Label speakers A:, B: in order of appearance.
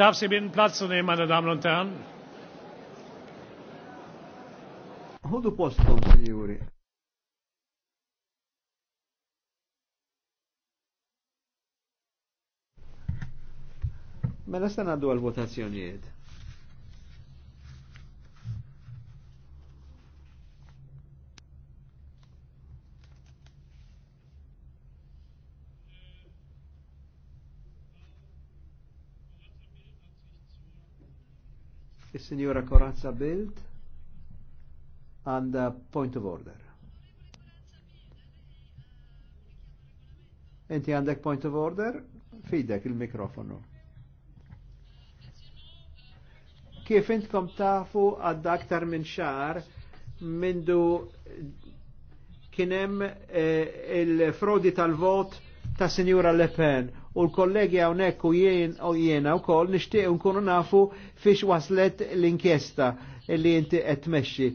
A: darf Sie bitten, Platz zu nehmen, meine Damen und Herren.
B: Hudu postom, signori.
C: Mela se għaddu għal-votazzjonijiet.
D: is signora Corazza Bild għanda point of order. Enti għandek point of order? Fidek il-mikrofonu. Kif intkom tafu għadda aktar minn xar mindu kienem eh, il-frodi tal-vot ta' Signora Le Pen u l-kollegi hawnhekk u jien u jiena wkoll nishtiq nkunu nafu fiex waslet l-inkjesta li inti qed tmexxi